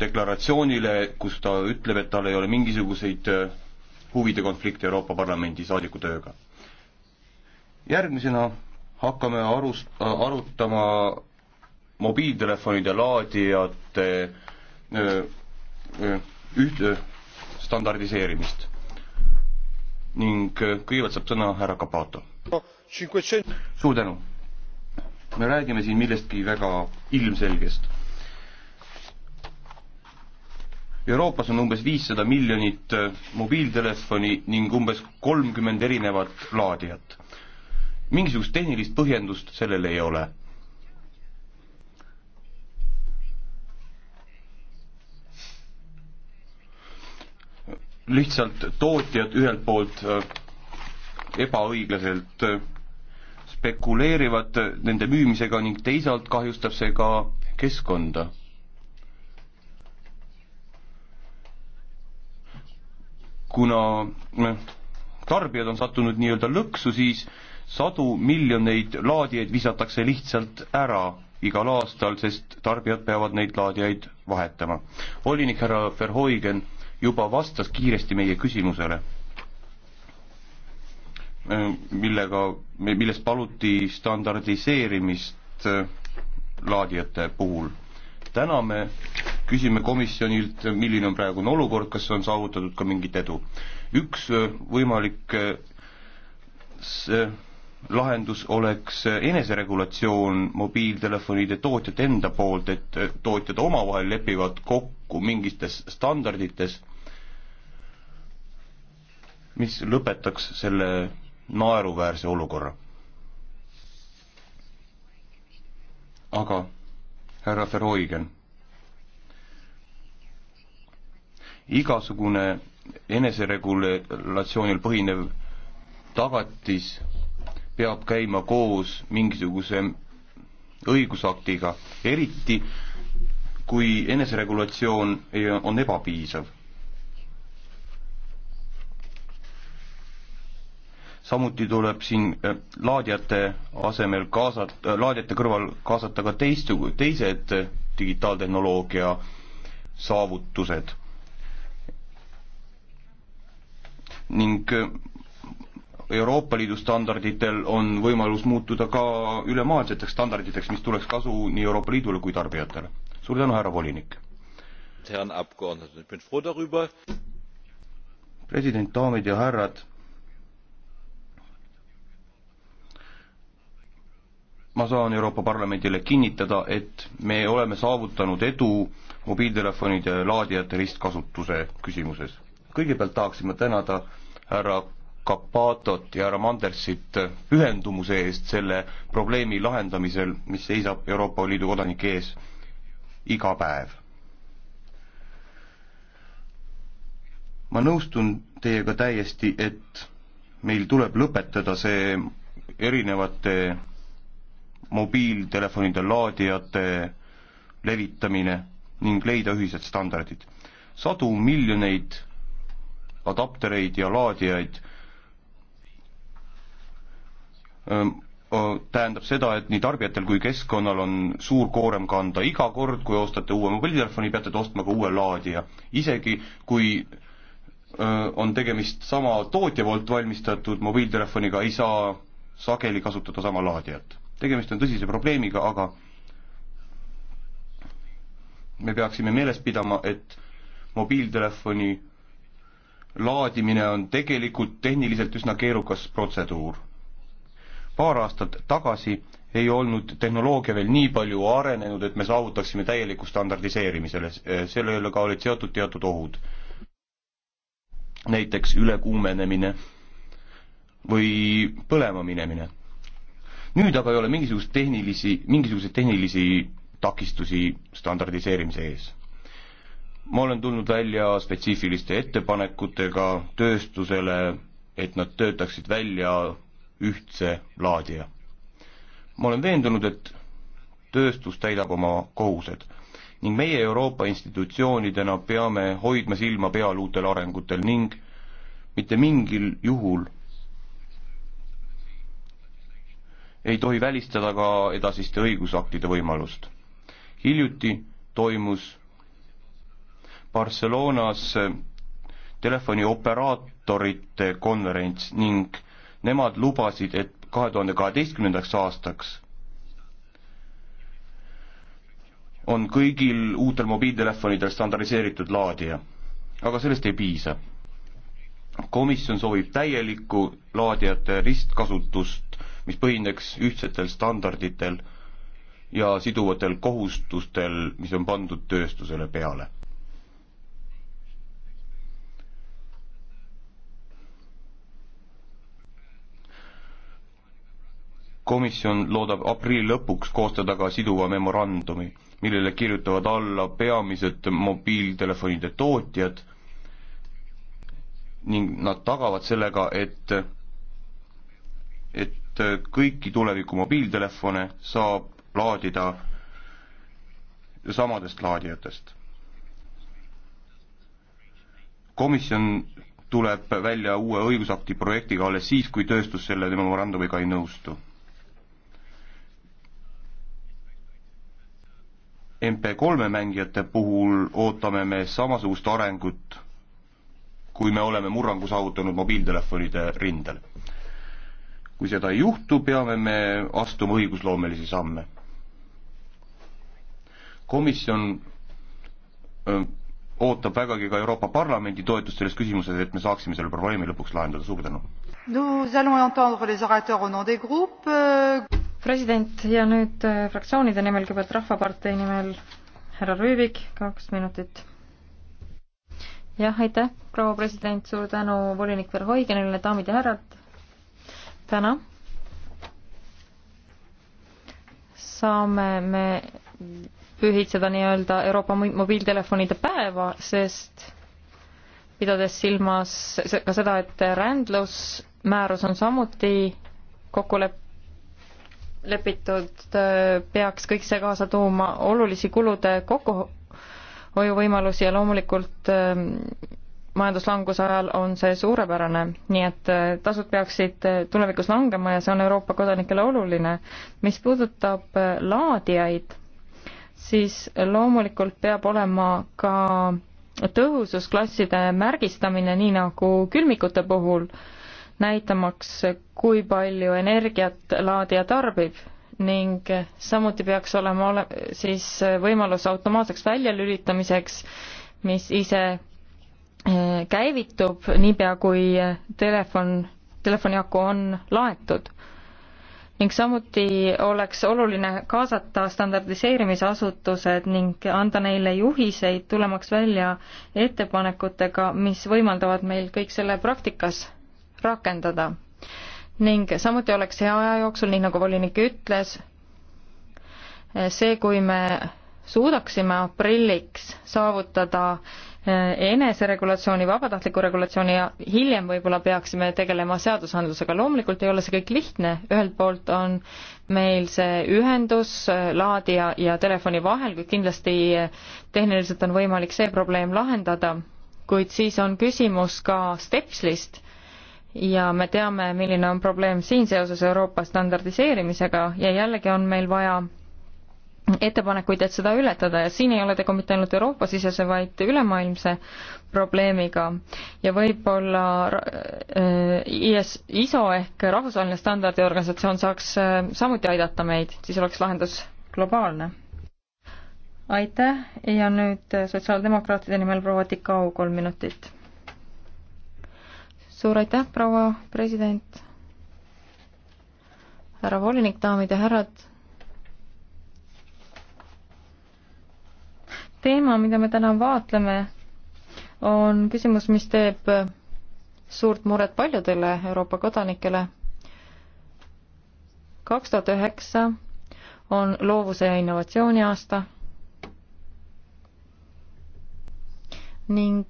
deklaratsioonile, kus ta ütleb, et tal ei ole mingisuguseid äh, huvide konflikte Euroopa Parlamendi saadiku tööga. järgmisena hakkame arust-, äh, arutama mobiiltelefonide laadijate äh, üht-, standardiseerimist. ning kõigepealt saab sõna härra Capato. suur tänu! me räägime siin millestki väga ilmselgest Euroopas on umbes viissada miljonit äh, mobiiltelefoni ning umbes kolmkümmend erinevat laadijat. mingisugust tehnilist põhjendust sellel ei ole. lihtsalt tootjad ühelt poolt äh, ebaõiglaselt äh, spekuleerivad nende müümisega ning teisalt kahjustab see ka keskkonda kuna eh, tarbijad on sattunud nii-öelda lõksu, siis sadu miljoneid laadijaid visatakse lihtsalt ära igal aastal, sest tarbijad peavad neid laadijaid vahetama. volinik härra Verhoigen juba vastas kiiresti meie küsimusele, eh, millega, millest paluti standardiseerimist eh, laadijate puhul. täna me küsime komisjonilt, milline on praegune olukord, kas on saavutatud ka mingit edu. üks äh, võimalik äh, äh, lahendus oleks eneseregulatsioon mobiiltelefonide tootjate enda poolt, et tootjad omavahel lepivad kokku mingites standardites, mis lõpetaks selle naeruväärse olukorra. aga härra Verhoigen igasugune eneseregulatsioonil põhinev tagatis peab käima koos mingisuguse õigusaktiga, eriti kui eneseregulatsioon on ebapiisav. samuti tuleb siin äh, laadijate asemel kaasata, äh, laadijate kõrval kaasata ka teist, teised digitaaltehnoloogia saavutused ning äh, Euroopa Liidu standarditel on võimalus muutuda ka ülemaailmseteks standarditeks, mis tuleks kasu nii Euroopa Liidule kui tarbijatele. suur tänu, härra volinik! president, daamid ja härrad, ma saan Euroopa Parlamendile kinnitada, et me oleme saavutanud edu mobiiltelefonide laadijate ristkasutuse küsimuses kõigepealt tahaksin ma tänada härra Kapatot ja härra Mandersit pühendumuse eest selle probleemi lahendamisel, mis seisab Euroopa Liidu kodanike ees iga päev. ma nõustun teiega täiesti, et meil tuleb lõpetada see erinevate mobiiltelefonide laadijate levitamine ning leida ühised standardid. sadu miljoneid adaptereid ja laadijaid tähendab seda, et nii tarbijatel kui keskkonnal on suur koorem kanda, iga kord, kui ostate uue mobiiltelefoni, peate te ostma ka uue laadija. isegi kui on tegemist sama tootja poolt valmistatud mobiiltelefoniga, ei saa sageli kasutada sama laadijat. tegemist on tõsise probleemiga, aga me peaksime meeles pidama, et mobiiltelefoni laadimine on tegelikult tehniliselt üsna keerukas protseduur. paar aastat tagasi ei olnud tehnoloogia veel nii palju arenenud, et me saavutaksime täieliku standardiseerimisele, sellega olid seotud teatud ohud. näiteks ülekuumenemine või põlema minemine. nüüd aga ei ole mingisugust tehnilisi, mingisuguseid tehnilisi takistusi standardiseerimise ees ma olen tulnud välja spetsiifiliste ettepanekutega tööstusele, et nad töötaksid välja ühtse laadija. ma olen veendunud, et tööstus täidab oma kohused ning meie Euroopa institutsioonidena peame hoidma silma peal uutel arengutel ning mitte mingil juhul ei tohi välistada ka edasiste õigusaktide võimalust. hiljuti toimus Barcelonas telefonioperaatorite konverents ning nemad lubasid, et kahe tuhande kaheteistkümnendaks aastaks on kõigil uutel mobiiltelefonidel standardiseeritud laadija. aga sellest ei piisa. komisjon soovib täielikku laadijate ristkasutust, mis põhineks ühtsetel standarditel ja siduvatel kohustustel, mis on pandud tööstusele peale. komisjon loodab aprilli lõpuks koostada ka siduva memorandumi, millele kirjutavad alla peamised mobiiltelefonide tootjad ning nad tagavad sellega, et, et kõiki tuleviku mobiiltelefone saab laadida samadest laadijatest. komisjon tuleb välja uue õigusakti projektiga alles siis, kui tööstus selle memorandumiga ei nõustu MP3 mängijate puhul ootame me samasugust arengut, kui me oleme murrangu saavutanud mobiiltelefonide rindel. kui seda ei juhtu, peame me astuma õigusloomelisi samme. komisjon öö, ootab vägagi ka Euroopa Parlamendi toetust selles küsimuses, et me saaksime selle probleemi lõpuks lahendada, suur tänu! president ja nüüd äh, fraktsioonide nimel, kõigepealt Rahvapartei nimel härra Rüübik, kaks minutit. jah, aitäh, proua president, suur tänu volinik Verhoigenile, daamid ja härrad. täna saame me pühitseda nii-öelda Euroopa mobiiltelefonide päeva, sest pidades silmas ka seda, et rändlusmäärus on samuti kokkulepe, lepitud, äh, peaks kõik see kaasa tooma olulisi kulude kokkuhoiuvõimalusi ja loomulikult ähm, majanduslanguse ajal on see suurepärane, nii et äh, tasud peaksid äh, tulevikus langema ja see on Euroopa kodanikele oluline. mis puudutab laadijaid, siis loomulikult peab olema ka tõhususklasside märgistamine, nii nagu külmikute puhul äh, näitamaks, kui palju energiat laadija tarbib ning samuti peaks olema ole-, siis võimalus automaatseks väljalülitamiseks, mis ise eh, käivitub niipea, kui telefon, telefoniaku on laetud. ning samuti oleks oluline kaasata standardiseerimisasutused ning anda neile juhiseid, tulemaks välja ettepanekutega, mis võimaldavad meil kõik selle praktikas rakendada. ning samuti oleks hea aja jooksul, nii nagu volinik ütles, see, kui me suudaksime aprilliks saavutada eh, eneseregulatsiooni, vabatahtliku regulatsiooni ja hiljem võib-olla peaksime tegelema seadusandlusega. loomulikult ei ole see kõik lihtne, ühelt poolt on meil see ühendus eh, laadija ja telefoni vahel, kuid kindlasti eh, tehniliselt on võimalik see probleem lahendada, kuid siis on küsimus ka stepslist ja me teame, milline on probleem siin seoses Euroopa standardiseerimisega ja jällegi on meil vaja ettepanekuid, et seda ületada ja siin ei ole tegu mitte ainult Euroopa-sisese, vaid ülemaailmse probleemiga ja võib-olla äh, IS, ISO ehk Rahvusvaheline Standardiorganisatsioon saaks äh, samuti aidata meid, siis oleks lahendus globaalne. aitäh ja nüüd sotsiaaldemokraatide nimel proua Tikau, kolm minutit suur aitäh, proua president, härra volinik, daamid ja härrad. teema, mida me täna vaatleme, on küsimus, mis teeb suurt muret paljudele Euroopa kodanikele. kaks tuhat üheksa on loovuse ja innovatsiooni aasta ning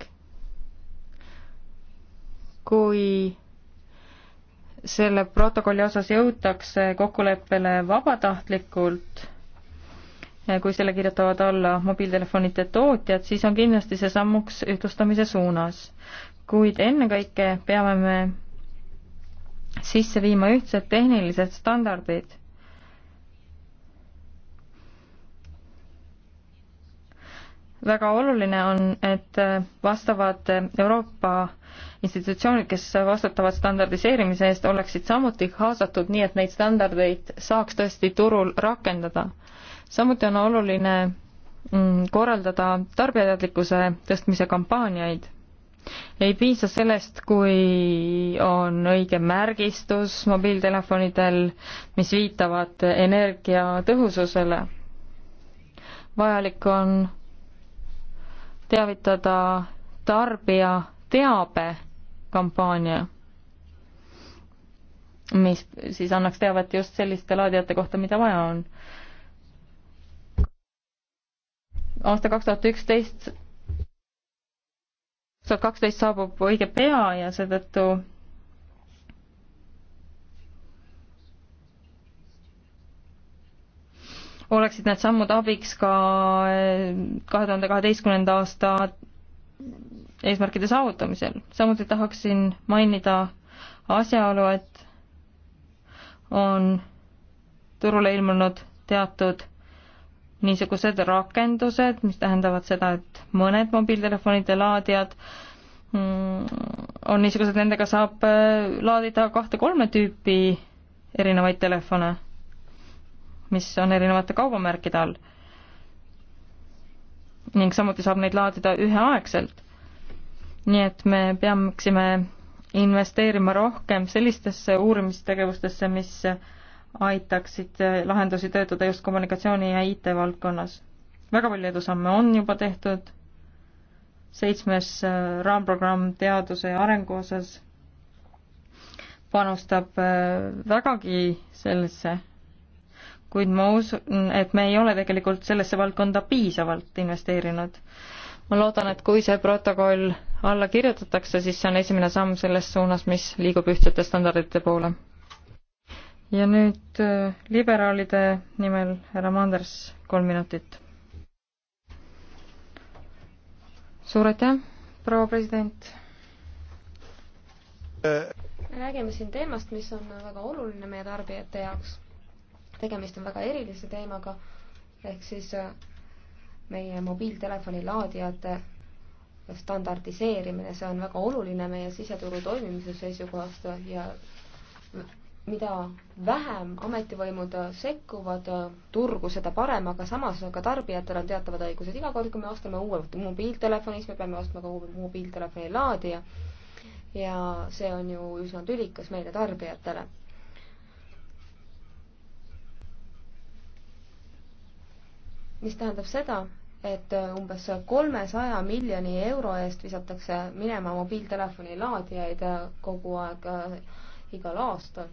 kui selle protokolli osas jõutakse kokkuleppele vabatahtlikult, eh, kui selle kirjutavad alla mobiiltelefonide tootjad, siis on kindlasti see sammuks ühtlustamise suunas. kuid ennekõike peame me sisse viima ühtsed tehnilised standardid väga oluline on, et vastavad Euroopa institutsioonid, kes vastutavad standardiseerimise eest, oleksid samuti kaasatud, nii et neid standardeid saaks tõesti turul rakendada. samuti on oluline mm, korraldada tarbijateadlikkuse tõstmise kampaaniaid. ei piisa sellest, kui on õige märgistus mobiiltelefonidel, mis viitavad energiatõhususele. vajalik on teavitada tarbija teabekampaania, mis siis annaks teavet just selliste laadijate kohta, mida vaja on. aasta kaks tuhat üksteist, kaks tuhat kaksteist saabub õige pea ja seetõttu oleksid need sammud abiks ka eh, kahe tuhande kaheteistkümnenda aasta eesmärkide saavutamisel. samuti tahaksin mainida asjaolu, et on turule ilmunud teatud niisugused rakendused, mis tähendavad seda, et mõned mobiiltelefonide laadijad mm, on niisugused, nendega saab eh, laadida kahte-kolme tüüpi erinevaid telefone mis on erinevate kaubamärkide all. ning samuti saab neid laadida üheaegselt. nii et me peaksime investeerima rohkem sellistesse uurimistegevustesse, mis aitaksid lahendusi töötada just kommunikatsiooni ja IT valdkonnas. väga palju edusamme on juba tehtud, seitsmes äh, raamprogramm teaduse ja arengu osas panustab äh, vägagi sellesse kuid ma usun, et me ei ole tegelikult sellesse valdkonda piisavalt investeerinud. ma loodan, et kui see protokoll alla kirjutatakse, siis see on esimene samm selles suunas, mis liigub ühtsete standardite poole. ja nüüd äh, liberaalide nimel härra Manders, kolm minutit. suur aitäh, proua president äh. räägime siin teemast, mis on väga oluline meie tarbijate jaoks tegemist on väga erilise teemaga, ehk siis äh, meie mobiiltelefoni laadijate standardiseerimine, see on väga oluline meie siseturu toimimise seisukohast ja mida vähem ametivõimud sekkuvad turgu, seda parem, aga samas ka tarbijatel on teatavad õigused. iga kord, kui me ostame uue mobiiltelefoni, siis me peame ostma ka uue mobiiltelefoni laadija. ja see on ju üsna tülikas meile tarbijatele mis tähendab seda, et äh, umbes kolmesaja miljoni euro eest visatakse minema mobiiltelefoni laadijaid äh, kogu aeg äh, igal aastal.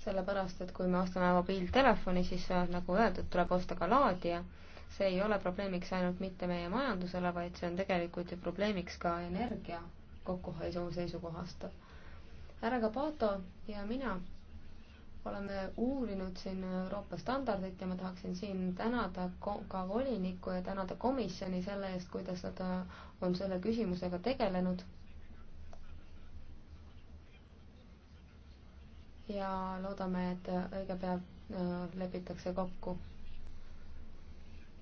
sellepärast, et kui me ostame mobiiltelefoni, siis nagu öeldud, tuleb osta ka laadija. see ei ole probleemiks ainult mitte meie majandusele, vaid see on tegelikult ju probleemiks ka energia kokkuhoiu seisukohast. härra Kapato ja mina oleme uurinud siin Euroopa standardit ja ma tahaksin siin tänada ka volinikku ja tänada komisjoni selle eest, kuidas nad äh, on selle küsimusega tegelenud. ja loodame, et äh, õige pea äh, lepitakse kokku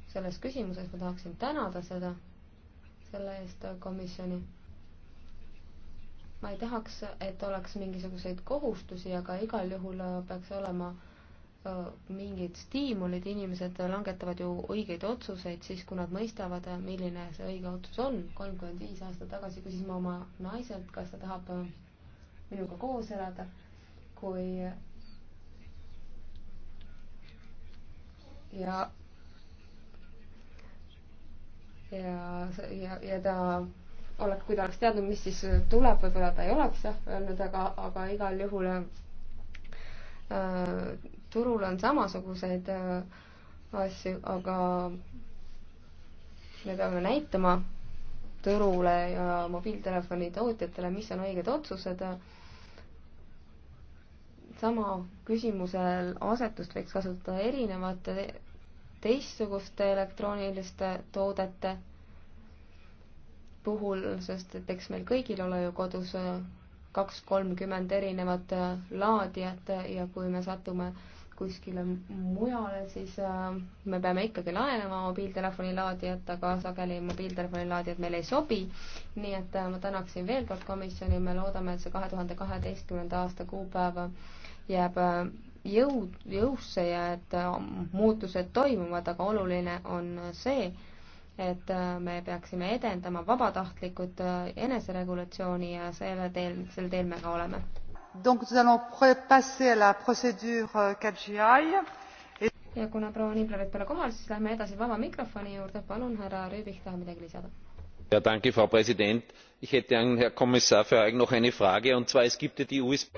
selles küsimuses, ma tahaksin tänada seda, selle eest komisjoni ma ei tahaks, et oleks mingisuguseid kohustusi, aga igal juhul äh, peaks olema äh, mingid stiimulid, inimesed langetavad ju õigeid otsuseid siis, kui nad mõistavad, äh, milline see õige otsus on. kolmkümmend viis aastat tagasi küsisin ma oma naiselt, kas ta tahab minuga koos elada, kui ja ja, ja, ja ta oleks, kui ta oleks teadnud, mis siis tuleb, võib-olla ta ei oleks jah öelnud, aga, aga igal juhul äh, turul on samasuguseid äh, asju, aga me peame näitama turule ja mobiiltelefoni tootjatele, mis on õiged otsused. sama küsimusel asetust võiks kasutada erinevate teistsuguste elektrooniliste toodete puhul, sest et eks meil kõigil ole ju kodus äh, kaks-kolmkümmend erinevat äh, laadijat ja kui me satume kuskile mujale, siis äh, me peame ikkagi laenama mobiiltelefoni laadijat, aga sageli mobiiltelefoni laadijad meile ei sobi. nii et ma tänaksin veel kord komisjoni, me loodame, et see kahe tuhande kaheteistkümnenda aasta kuupäev jääb jõud, jõusse ja et muutused toimuvad, aga oluline on see, et äh, me peaksime edendama vabatahtlikud äh, eneseregulatsiooni ja selle teel, sel teel me ka oleme. Euh, ja kuna proua Niblerit pole kohal, siis lähme edasi vaba mikrofoni juurde, palun, härra Rüübik tahab midagi lisada frau präsidentin! ich hätte an herrn kommissar verheugen noch eine frage und zwar es gibt ja die usb.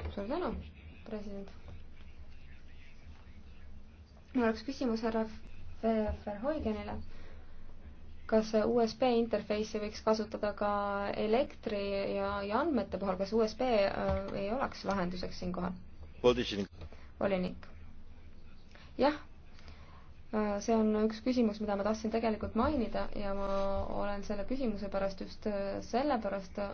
mul oleks küsimus härra verheugenile kas USB interface'i võiks kasutada ka elektri ja, ja andmete puhul, kas USB äh, ei oleks lahenduseks siinkohal? volinik. jah, äh, see on üks küsimus, mida ma tahtsin tegelikult mainida ja ma olen selle küsimuse pärast just äh, sellepärast äh,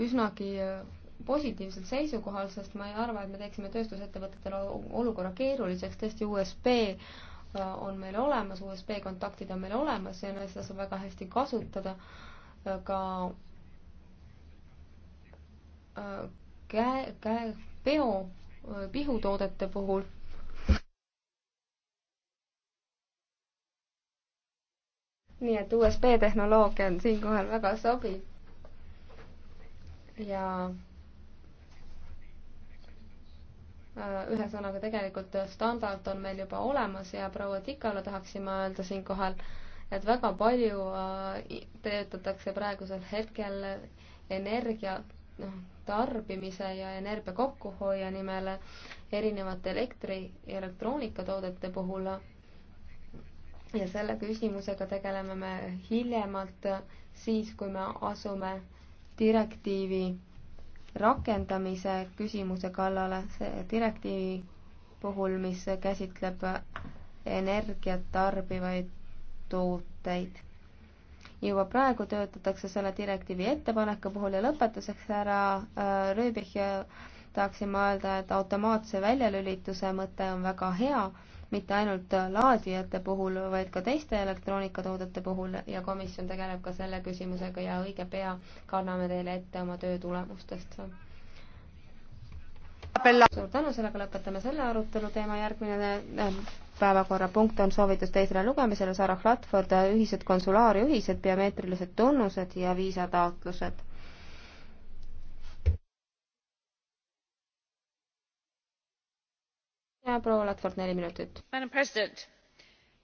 üsnagi positiivsel seisukohal, sest ma ei arva, et me teeksime tööstusettevõtetele olukorra keeruliseks, tõesti USB äh, on meil olemas, USB kontaktid on meil olemas ja seda saab väga hästi kasutada äh, ka äh, käe, käe, peo, pihutoodete puhul nii et USB tehnoloogia on siinkohal väga sobiv. ja Äh, ühesõnaga, tegelikult äh, standard on meil juba olemas ja proua Tikale tahaksin ma öelda siinkohal, et väga palju äh, töötatakse praegusel hetkel energia noh, tarbimise ja energia kokkuhoia nimel erinevate elektri ja elektroonikatoodete puhul. ja selle küsimusega tegeleme me hiljemalt siis, kui me asume direktiivi rakendamise küsimuse kallale see direktiivi puhul, mis käsitleb energiat tarbivaid tooteid. juba praegu töötatakse selle direktiivi ettepaneku puhul ja lõpetuseks härra äh, Rüübich tahaksin ma öelda, et automaatse väljalülituse mõte on väga hea, mitte ainult laadijate puhul, vaid ka teiste elektroonikatoodete puhul ja komisjon tegeleb ka selle küsimusega ja õige pea kanname teile ette oma töö tulemustest. suur tänu, sellega lõpetame selle arutelu teema, järgmine äh, päevakorrapunkt on soovitus teisele lugemisele, Sarah Ladford, ühised konsulaarjuhised, biomeetrilised tunnused ja viisataotlused proua Ladford, neli minutit.